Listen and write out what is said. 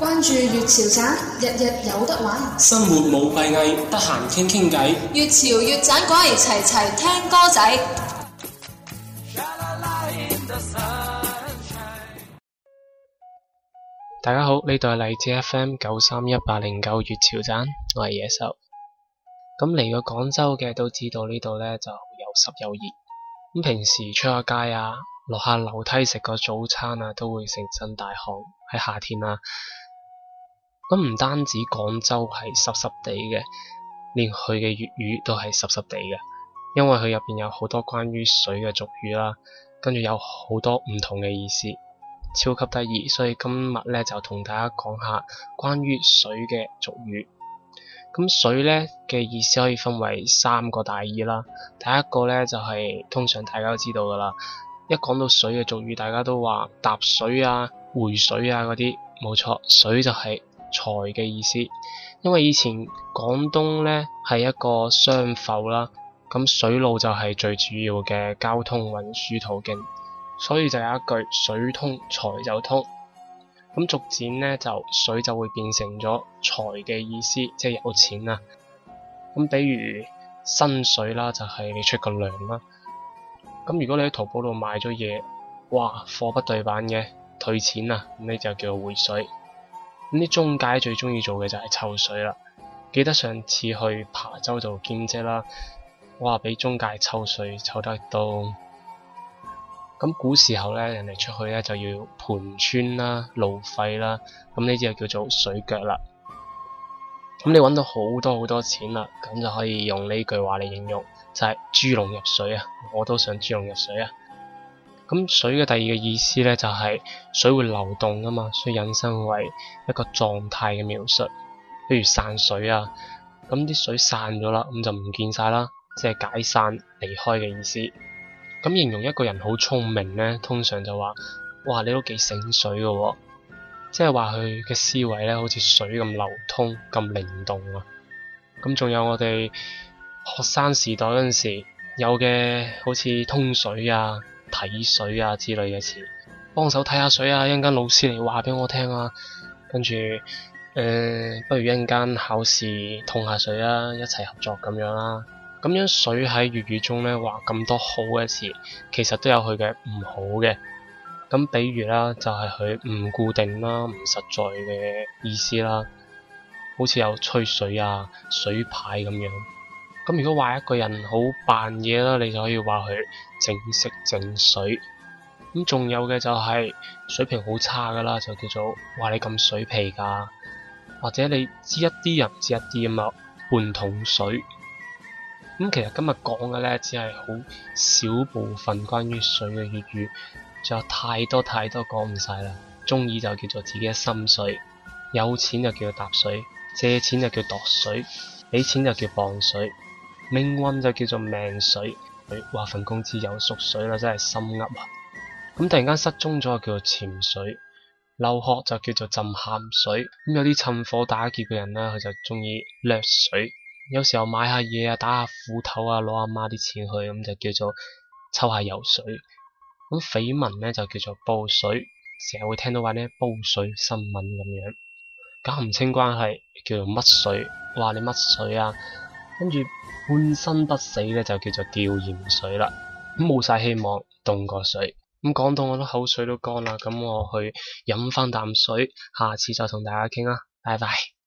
關注粵潮盞，日日有得玩。生活冇閉翳，得閒傾傾偈。粵潮粵盞鬼，齊齊聽歌仔。大家好，呢度係荔枝 F M 九三一八零九粵潮盞，我係野獸。咁嚟到廣州嘅都知道呢度呢就又濕又熱。咁平時出下街啊，落下樓梯食個早餐啊，都會成身大汗。喺夏天啊～咁唔單止廣州係濕濕地嘅，連佢嘅粵語都係濕濕地嘅，因為佢入邊有好多關於水嘅俗語啦，跟住有好多唔同嘅意思，超級得意。所以今日咧就同大家講下關於水嘅俗語。咁水咧嘅意思可以分為三個大意啦。第一個咧就係、是、通常大家都知道㗎啦，一講到水嘅俗語，大家都話搭水啊、回水啊嗰啲，冇錯，水就係、是。財嘅意思，因為以前廣東呢係一個商埠啦，咁水路就係最主要嘅交通運輸途徑，所以就有一句水通財就通。咁逐漸呢，就水就會變成咗財嘅意思，即係有錢啊，咁比如薪水啦，就係你出個糧啦，咁如果你喺淘寶度買咗嘢，哇，貨不對版嘅，退錢啦，咁呢就叫回水。咁啲中介最鍾意做嘅就係抽水啦！記得上次去琶洲做兼職啦，我話俾中介抽水抽得多。咁古時候咧，人哋出去咧就要盤川啦、路費啦，咁呢啲就叫做水腳啦。咁你揾到好多好多錢啦，咁就可以用呢句話嚟形容，就係豬籠入水啊！我都想豬籠入水啊！咁水嘅第二個意思呢，就係、是、水會流動啊嘛，所以引申為一個狀態嘅描述，譬如散水啊。咁啲水散咗啦，咁就唔見晒啦，即係解散離開嘅意思。咁形容一個人好聰明呢，通常就話：哇，你都幾醒水嘅喎，即係話佢嘅思維呢，好似水咁流通咁靈動啊。咁仲有我哋學生時代嗰陣時有嘅，好似通水啊。睇水啊之類嘅詞，幫手睇下水啊，一陣間老師嚟話俾我聽啊，跟住誒，不如一陣間考試通下水啊，一齊合作咁樣啦。咁樣水喺粵語中咧，話咁多好嘅詞，其實都有佢嘅唔好嘅。咁比如啦，就係佢唔固定啦，唔實在嘅意思啦，好似有吹水啊、水牌咁樣。咁如果話一個人好扮嘢啦，你就可以話佢整色整水。咁仲有嘅就係、是、水平好差噶啦，就叫做話你咁水皮噶，或者你知一啲又唔知一啲啊嘛，半桶水。咁、嗯、其實今日講嘅呢，只係好少部分關於水嘅粵語，仲有太多太多講唔晒啦。中意就叫做自己嘅心水，有錢就叫做疊水，借錢就叫度水，俾錢就叫磅水。命運就叫做命水，佢、哎、哇份工資有縮水啦，真係心噏啊！咁、嗯、突然間失蹤咗，叫做潛水；留學就叫做浸鹹水。咁、嗯、有啲趁火打劫嘅人咧，佢就中意掠水。有時候買下嘢啊，打下斧頭啊，攞阿媽啲錢去，咁、嗯、就叫做抽下油水。咁緋聞咧就叫做煲水，成日會聽到話呢煲水新聞咁樣搞唔清關係，叫做乜水？哇！你乜水啊？跟住。半生不死咧就叫做吊鹽水啦，冇晒希望，凍過水。咁講到我都口水都乾啦，咁我去飲返啖水，下次再同大家傾啦，拜拜。